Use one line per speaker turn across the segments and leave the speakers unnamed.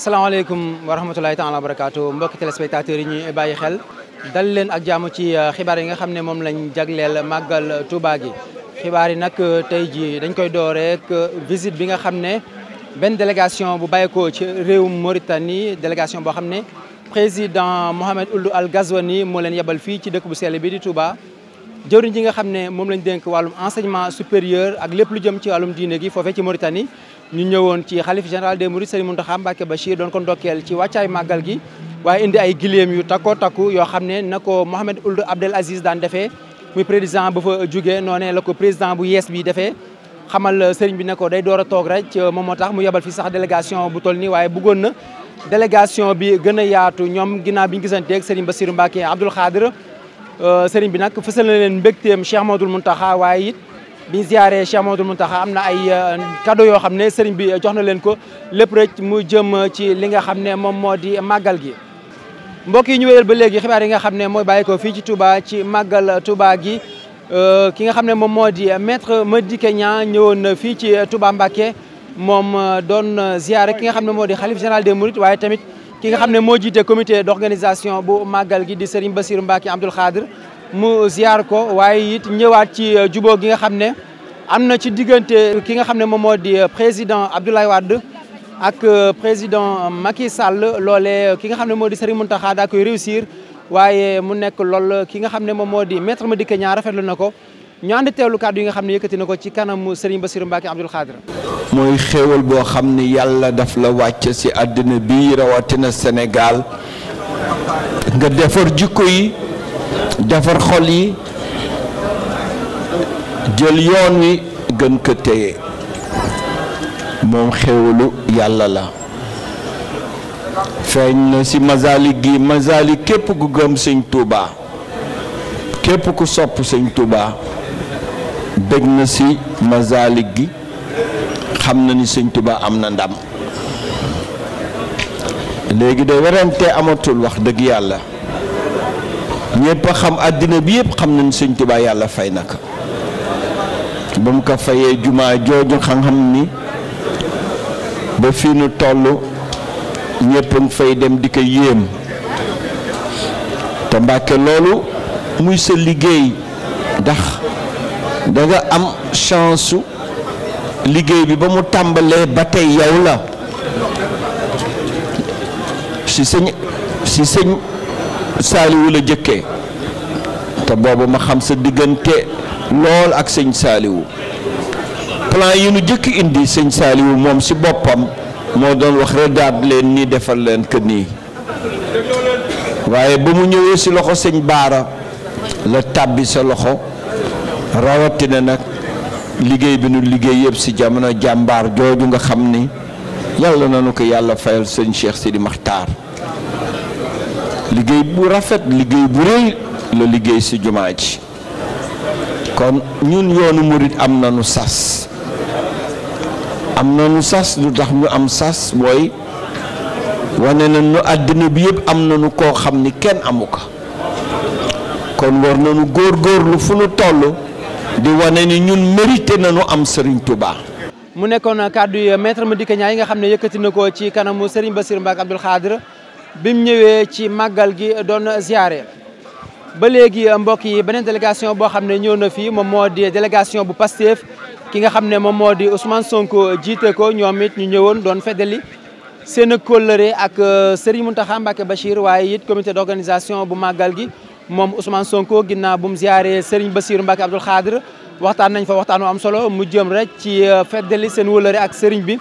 salaamaaleykum wa rahmatulahi taala wa barakaatu mbokki téléspectateurs yi ñuy bàyyi xel dal leen ak jàmm ci euh, xibaar yi nga xam ne moom lañ jagleel màggal Touba gi xibaar yi nag euh, tey jii dañ koy dooreek rek euh, visite bi nga xam ne benn délégation bu bàyyeekoo ci réewum Mauritanie délégation boo xam ne président Mohamed Ould Al Ghazouani moo leen yebal fii ci dëkk bu sell bi di Touba jëwriñ ji nga xam ne moom lañ dénk wàllum enseignement supérieur ak lépp lu jëm ci wàllum diine gi foofee ci Mauritanie ñu ñëwoon ci xalif général des Mourides Serigne Mountakha Mbacké Bachir doon ko ndokkeel ci wàccaay màggal gi waaye indi ay giléem yu takkoo takku yoo xam ne na ko Mohamed Ould Abdel Aziz daan defee muy président bu fa jógee noonee la ko président bu yees bi defee xamal sëriñ bi ne day door a toog rek moom moo tax mu yebal fi sax délégation bu toll nii waaye bëggoon na délégation bi gën a yaatu ñoom ginnaaw bi ñu gisanteeg sëriñ Bassirou Mbacké Abdoul Khadir Euh, sëriñ bi nag fësal na leen mbégteem Cheikh Maodul Mountakha waaye it biñ ziaree Cheikh Maodul taxa am na ay euh, cadeau yoo xam ne seriñ bi jox na leen ko lépp rek mu jëm ci li nga xam ne moom moo di màggal gi. mbokk yi ñu wéyal ba léegi xibaar yi nga xam ne mooy bàyyi ko fii ci Touba ci màggal Touba gi euh, ki nga xam ne moom moo di maître Madické Niang ñëwoon na fii ci Touba mbake moom doon ziare ki nga xam ne moo di xalif général des Mourides waaye tamit. ki nga xam ne moo jiite comité d'organisation bu màggal gi di Serigne Bassirou Mbacké Abdoul Khadr mu ziar ko waaye it ñëwaat ci euh, jubóo gi nga xam ne am na ci diggante ki nga xam ne moom moo di euh, président Abdoulaye waad ak euh, président Macky Sall loolee ki nga xam ne moo di Serigne mun daa koy réussir waaye mu nekk lool ki nga xam ne moom moo di maître Madické Niang rafetlu na ko ñu ànd teewlu kàddu yi nga xam ne yëkkati na ko ci kanam Serigne Bassirou Mbacké Abdoul Khadr
mooy xéewal boo xam ne yàlla daf la wàcc ci àddina bi rawatina Sénégal nga defar jikko yi defar xol yi jël yoon wi gën ko téye moom xéewalu yàlla la feeñ na ci masalik gi masalik képp ku gëm sëñ Tuubaa képp ku sopp sëñ Tuubaa dëgg na ci mazaalik gi xam na ni sëñ Tuubaa am na ndam léegi de werante amatul wax dëgg yàlla ñépp a xam àddina bi yépp xam na ni sëñ Tuubaa yàlla fay na ko ba mu ko fayee jumaa jooju xam ni ba fi nu toll ñépp ngi fay dem di ko yéem te Mbàkke loolu muy sa liggéey ndax danga am chance liggéey bi ba mu tàmbalee ba tey yow la si sëñ si sëñ saaliwu la jëkke te boobu ma xam sa diggante lool ak sëñ saaliwu plan yi nu jëkk indi sëñ saaliwu moom si boppam moo doon wax redaat leen nii defal leen que nii waaye ba mu ñëwee si loxo sëñ baara la tàbbi sa loxo rawatina nag liggéey bi nu liggéey yëpp ci jamono jàmbaar jooju nga xam ni yàlla nanu ko yàlla fayal sëñ Cheikh Sidi Maxtaar liggéey bu rafet liggéey bu rëy la liggéey ci jumaa ji kon ñun yoonu murit am na nanu sas am nanu sas lu tax ñu am sas mooy wane na nu àddina bi yëpp am nanu koo xam ni kenn amu ko kon war nanu góor góorlu fu nu toll di wane ni ñun mérité nañu am Serigne Touba.
mu nekkoon kàddu yi ma Madické Niang yi nga xam ne yëkkati ko ci kanamu Serigne Bassirou Mbacké Abdoul Khadre bi mu ñëwee ci màggal gi doon ziare. ba léegi mbokk yi beneen délégation boo xam ne ñëw na fii moom moo di délégation bu Pastef ki nga xam ne moom moo di Ousmane Sonko jiite ko ñoom it ñu ñëwoon doon feddali seen kóllëre ak euh, Serigne Mountakha Mbacké Bachir waaye it comité d'organisation bu màggal gi. moom Ousmane Sonko ginnaaw bu mu ziaree Serigne Bassirou Mbacke Abdoul Khadr waxtaan nañ fa waxtaan wu am solo mu jëm rek ci euh, feddali seen wëlëre ak sëriñ bi.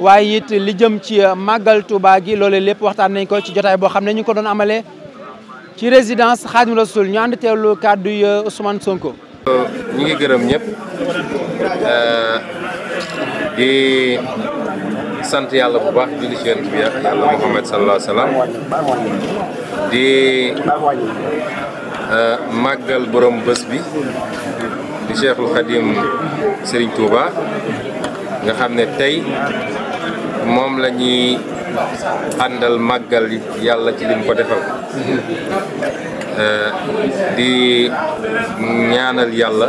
waaye it li jëm ci euh, màggal Touba gi loole lépp waxtaan nañ ko ci jotaay boo xam ne ñu ko doon amale ci résidence Khadim Rasoul ñu ànd teewlu kàddu yi euh, Ousmane Sonko.
ñu ngi gërëm ñëpp di sant yàlla bu baax julli ci yonent bi yàlla Muhammad sallallahu alayhi di Euh, màggal borom bés bi di Cheikhul Khadim Serigne Touba nga xam ne tey moom la ñuy àndal màggal yàlla ci lim ko defal euh, di ñaanal yàlla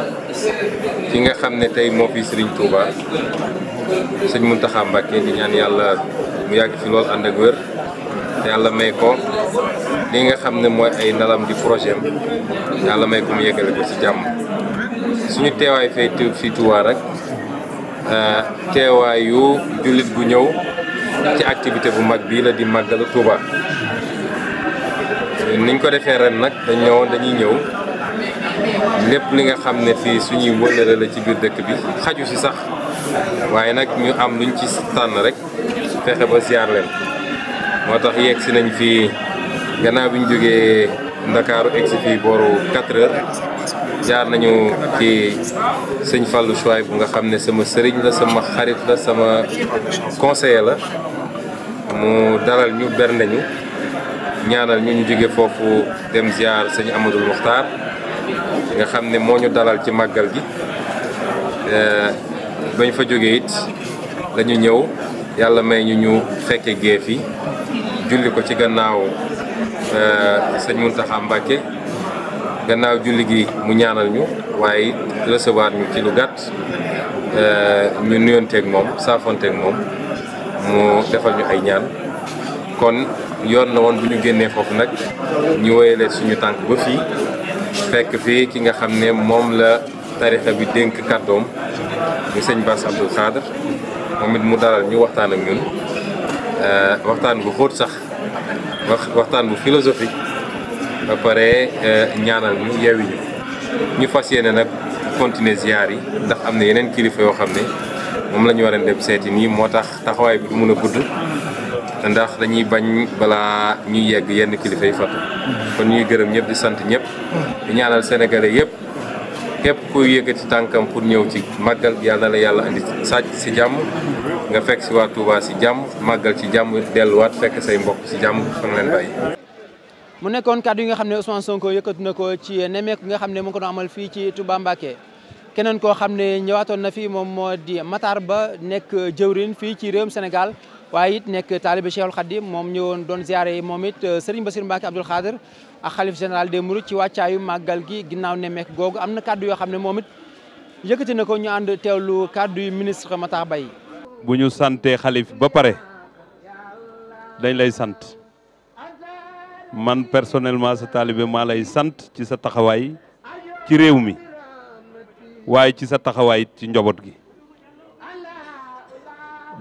ki nga xam ne tey moo fi Serigne Touba sëñ Mountakha Mbacké di ñaan yàlla mu yàgg fi lool ànd ak wér. yàlla may ko li nga xam ne mooy ay ndalam di projet am yàlla may ko mu yeggale ko ci jàmm suñu teewaay fay fii Touba rek euh, teewaayu jullit bu ñëw ci activité bu mag bii la di màggalu Touba niñ ko defee ren nag dañ dañuy ñëw lépp li nga xam ne fii suñuy wëllëre la ci biir dëkk bi xaju ci sax waaye nag ñu am luñ ci tànn rek fexe ba ziar moo tax yegg si nañ fii gannaaw bi ñu jógee Ndakaaru egg si fii booru 4 heures jaar nañu ki sëñ Fallou Chouaib bu nga xam ne sama sëriñ la sama xarit la sama conseiller la mu dalal ñu ber nañu ñaanal ñu ñu jóge foofu dem ziar sëñ Amadou Muxtaar nga xam ne moo ñu dalal ci màggal gi eh, bañ fa jógee it lañu ñëw yàlla may ñu ñu fekke géef yi julli ko ci gannaaw euh, sëñ Mountakha Mbacké gannaaw julli gi mu ñaanal ñu waaye recevoir ñu ci lu gàtt euh, ñu nuyonteeg moom saafonteeg moom mu defal ñu ay ñaan kon yoon la woon bu ñu génnee foofu nag ñu woyale suñu tànk ba fii fekk fii ki nga xam ne moom la tarixa bi dénk kàddoom mu sëñ Bass Abdou Khadre moom it mu dalal ñu waxtaan ak ñun Euh, waxtaan bu xóot sax wax waxtaan bu philosophique ba pare euh, ñaanal ñu yeewi ñu ñu fas yéene nag continuer ziar yi ndax am na yeneen kilifa yoo xam ne moom la ñu war a dem seeti nii moo tax taxawaay bi du mun a gudd ndax dañuy bañ balaa ñuy yegg yenn kilifa yi fatu kon ñuy gërëm ñëpp di sant ñëpp di ñaanal sénégalais yëpp képp kuy yëkkati tànkam pour ñëw ci màggal bi yàlla la yàlla andi sàcc si jàmm nga fekk si waa Touba si jàmm màggal ci jàmm delluwaat fekk say mbokk si jàmm fa nga leen bàyyi.
mu nekkoon kàddu yi nga xam ne Ousmane Sonko yëkkati na ko ci nemmeeku nga xam ne mu ko doon amal fii ci Touba Mbacké keneen koo xam ne ñëwaatoon na fi moom moo di Matar Ba nekk jëwrin fii ci réewum senegal waaye it nekk taalibe Cheikhul Khadim moom ñëwoon doon yi moom it euh, Serigne Bassirou Mbacké Abdoul Khadir ak xalif général des mourides ci wàccaayu màggal gi ginnaaw nemmeek googu am na kàddu yoo xam ne moom it ko ñu ànd teewlu kàddu yu ministre Matar Baye
bu ñu santee xalif ba pare dañ lay sant man personnellement sa taalibe maa lay sant ci sa taxawaay ci réew mi waaye ci sa taxawaay ci njaboot gi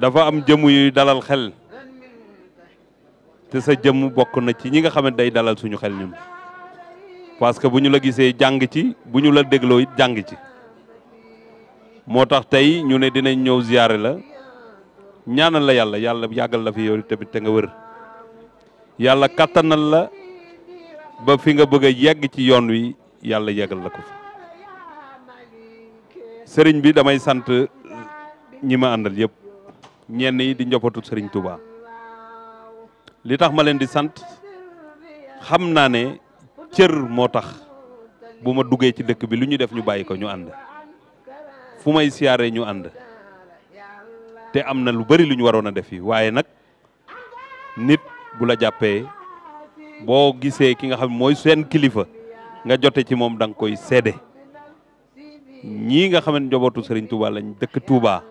dafa am jëmu yu dalal xel te sa jëmm bokk na ci ñi nga xam ne day dalal suñu xel ñun parce que bu ñu la gisee jàng ci bu ñu la dégloo it jàng ci moo tax tey ñu ne dinañ ñëw ziyaare la ñaanal la yàlla yàlla yàggal la fi yow tamit te nga wër yàlla kattanal la ba fi nga bëgg a yegg ci yoon wi yàlla yeggal la ko fi sëriñ bi damay sant ñi ma àndal yëpp ñenn yi di njoppatu sëriñ Touba. li tax ma leen di sant xam naa ne cër moo tax bu ma duggee ci dëkk bi lu ñu def ñu bàyyi ko ñu ànd fu may siyaaree ñu ànd te am na lu bari lu ñu waroon a def yi waaye nag nit bu la jàppee boo gisee ki nga xam mooy seen kilifa nga jote ci moom danga koy seede ñii nga xam ne njobootu Serigne Touba lañ dëkk Touba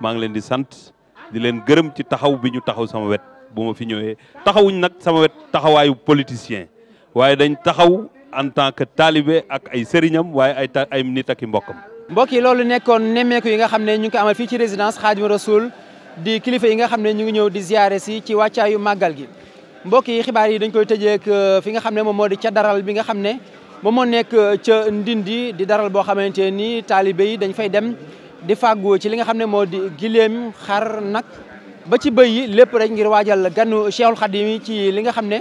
maa ngi leen di sant di leen gërëm ci taxaw bi ñu taxaw sama wet bu fi ñëwee taxawuñ nag sama wet taxawaayu politicien waaye dañ taxaw en tant que taalibe ak ay sëriñam waaye ay ay nit ak i mbokkam. mbokk yi loolu
nekkoon
nemmeeku yi nga xam ne ñu ngi ko amal fii ci résidence Khadimou Rassoul di kilifa yi nga xam ne ñu ngi ñëw di ziare si ci wàccaayu màggal gi. mbokk yi xibaar yi dañ koy tëjeek euh, fi nga xam ne moom moo di ca daral bi nga xam ne moom moo nekk euh, ca Ndindi di daral boo xamante ni taalibe yi dañ fay dem di fàggu ci li nga xam ne moo di gileem xar nag. ba ci bëy yi lépp rek ngir waajal ganu Cheikhul Khadim yi ci li nga xam ne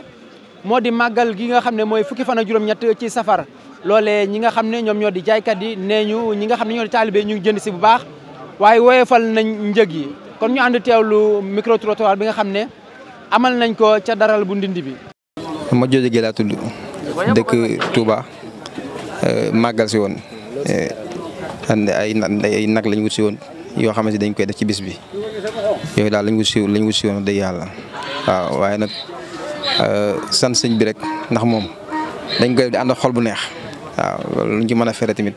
moo di màggal gi nga xam ne mooy fukki fana ak juróom-ñett ci safar loole ñi nga xam ne ñoom ñoo di jaaykat yi nee ñu ñi nga xam ne ñoo di taalibe ñu ngi jënd si bu baax waaye woyefal nañ njëg yi kon ñu ànd teewlu micro trottoir bi nga xam ne amal nañ ko ca daral bu ndindi bi.
ma jooju gi laa tudd dëkk Touba euh, màggal si woon euh, and ay nag lañu wut si woon yoo xam ne dañ koy def ci bis bi. yooyu daal lañ ko lañu lañ ko siiwoon yàlla waaw waaye nag euh, san sëñ bi rek ndax moom dañ koy di ànd xol bu neex waaw luñ ci mën a fere tamit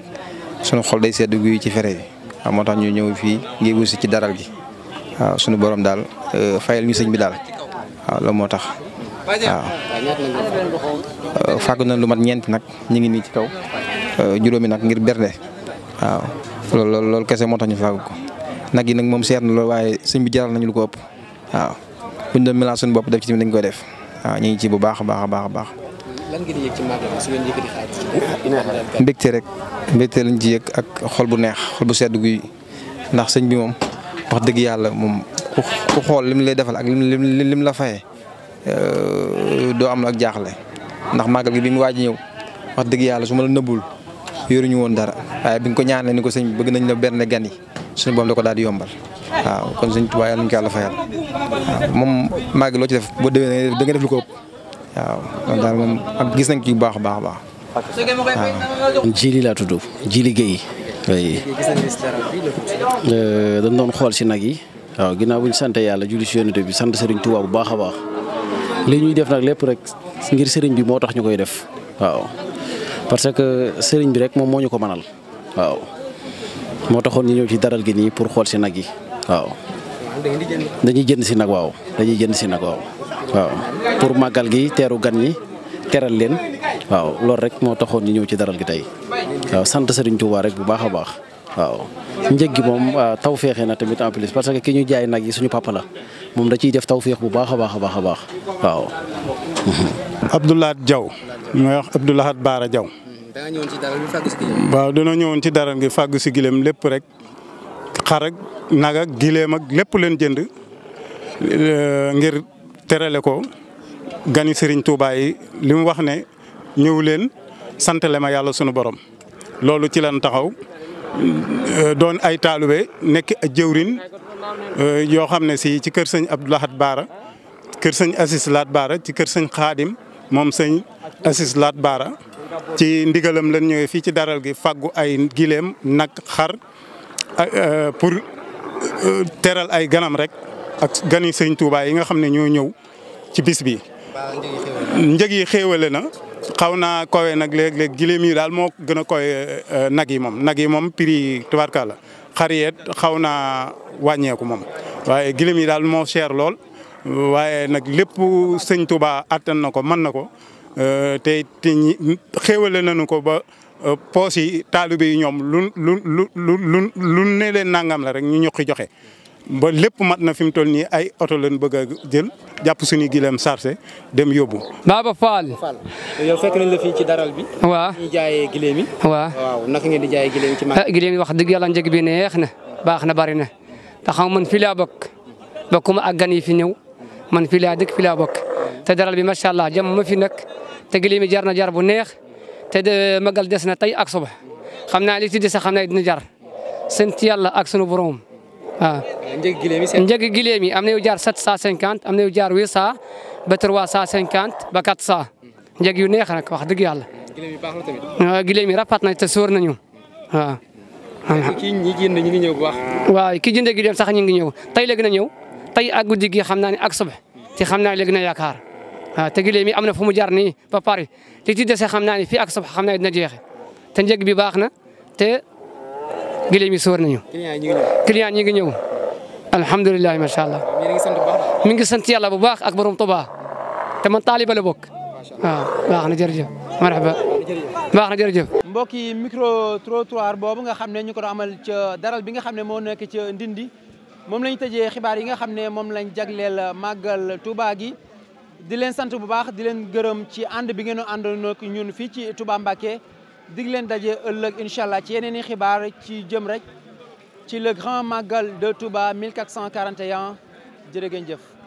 sunu xol day sedd guy ci fere moo tax ñu ñëw fii ngir wusi ci daral gi waaw sunu daal euh, fayal ñu sëñ bi daal waaw loolu moo tax waaw euh, fàgg nañ lu mat ñeenti nag ñu ngi nii ci kaw juróomi nag ngir bernde waaw loolu loolu kese moo tax ñu fàgg ko nag yi nag moom seer na lool waaye sëñ bi jaral nañu lu ko ëpp waaw buñ doon mélange suñu bopp def ci tamit dañ koy def waaw ñu ngi ci bu baax baax a baax a baax.
lan
mbégte
rek mbégte lañ ci yëg ak xool bu neex xol bu sedd guy ndax sëñ bi moom wax dëgg yàlla moom ku xool lim lay defal ak lim lim la fayee euh, doo am ak jaaxle ndax màggal gi bi mu waaj ñëw wax dëgg yàlla su ma la nëbbul ñu woon dara waaye bi nga ko ñaanee ni ko sëñ bi bëgg nañ la berne gan yi suñu boom da ko daal di yombal waaw kon suñ tubaab yàlla nañu moom màgg loo ci def boo déwénee da def lu ko ëpp waaw loolu daal moom gis nañ ci bu baax a baax a baax. waaw. Jili laa tudd Jili Guèye. oui.
Euh, dañ doon xool si nag yi. waaw ginnaaw bu ñu sant yàlla julli si yonent bi sant Serigne Touba bu baax a baax li ñuy def nag lépp rek ngir sëriñ bi moo tax ñu koy def waaw parce que sëriñ bi rek moom moo ñu ko mënal waaw. moo taxoon ñu ñëw ci daral gi nii pour xool si nag yi waaw. dañuy jënd si nag waaw dañuy jënd si nag waaw waaw pour màggal gi teeru gan ñi teral leen waaw loolu rek moo taxoon ñu ñëw ci daral gi tey waaw sant Serigne Touba rek bu baax a baax waaw. njëg gi moom taw feexe na tamit en plus parce que ki ñu jaay nag yi suñu papa la moom da ciy def taw féex
bu baax a baax a baax a baax waaw. Abdoulahat Diaw mooy wax Abdoulahat Baara Diaw. da nga waaw dañoo ñëwoon ci daral gi fàgg si gileem lépp rek xar ak nag ak gileem ak lépp leen jënd euh, ngir terale ko gani Serigne Touba yi li mu wax ne ñëw leen sant ma yàlla sunu borom loolu ci lan taxaw euh, doon ay taalibe nekk jëwrin euh, yoo xam ne si ci kër sëñ Abdou Lahad Baara kër sëñ Assis Laat Baara ci kër sëñ Xaadim moom sëñ Assis Laat Baara ci ndigalam lan ñëwee fii ci daral gi fàggu ay gileem nag xar pour euh, teral ay ganam rek ak gani sëñ Touba yi nga xam ne ñoo ñëw ci bis bi. njëg yi xéewale na xaw naa kowe nag léeg-léeg gileem yi daal moo gën a kowe euh, nag yi moom nag yi moom prix tubaarka la xar yeet xaw naa wàññeeku moom waaye gileem yi daal moo cher lool waaye nag lépp sëñ Touba attan na ko mën na ko. Euh, te te ñi xéwale nañu ko ba euh, poos yi taalibe yi ñoom lu lu lu lu lu ne leen nangam la rek ñu ñuqi joxe. ba lépp mat na fi mu toll nii ay oto lañ bëgg a jël jàpp suñu gileem sarse dem yóbbu.
Baba Fall. yow fekk nañ la ci daral bi. waaw ñu jaayee gileem yi. waaw waaw ah, wax dëgg yàlla njëg bi neex na baax na bari na te xam man fii laa bokk bokkuma ak gan yi fi ñëw man fii laa dëkk fii laa bokk. te daral bi macha allah jàmm ma fi nag te gëléem yi jar na jar bu neex te de magal des na tey ak suba xam naa li ci des xam naa dina jar sant yàlla ak sunu borom waaw. njëg gëléem yi njëg gëléem yi am na yu jaar 750 am na yu jaar 800 ba 350 ba 400 njëg yu neex nag wax dëgg yàlla. gëléem yi baax na tamit. gëléem na nañu waaw. kii ñi
jënd ñu ngi ñëw bu
baax. sax ñu ngi ñëw tey léegi na ñëw tey ak guddi xam naa ak suba. te xam naa léegi na yaakaar waaw te gileem yi am na fu mu jar nii ba Paris li ci dese xam naa ni fii ak suba xam naa dina jeexe te njëg bi baax na te gileem yi sóor nañu. client ñi ngi ñëw alhamdulilah macha allah. mi ngi sant yàlla bu baax ak borom Tuubaa te man taaliba la bokk waaw baax na jërëjëf marhaba baax na jërëjëf.
mbokk yi micro trottoir boobu nga xam ne ñu ko doon amal ca daral bi nga xam ne moo nekk ca Ndindi. moom lañ tëjee xibaar yi nga xam ne moom lañ jagleel màggal Touba gi di leen sant bu baax di leen gërëm ci ànd bi ngeen àndoon ak ñun fii ci Touba Mbacké dig leen daje ëllëg incha allah ci yeneen i xibaar ci jëm rek ci le grand màggal de Touba 1441 jërë ngeen jëf.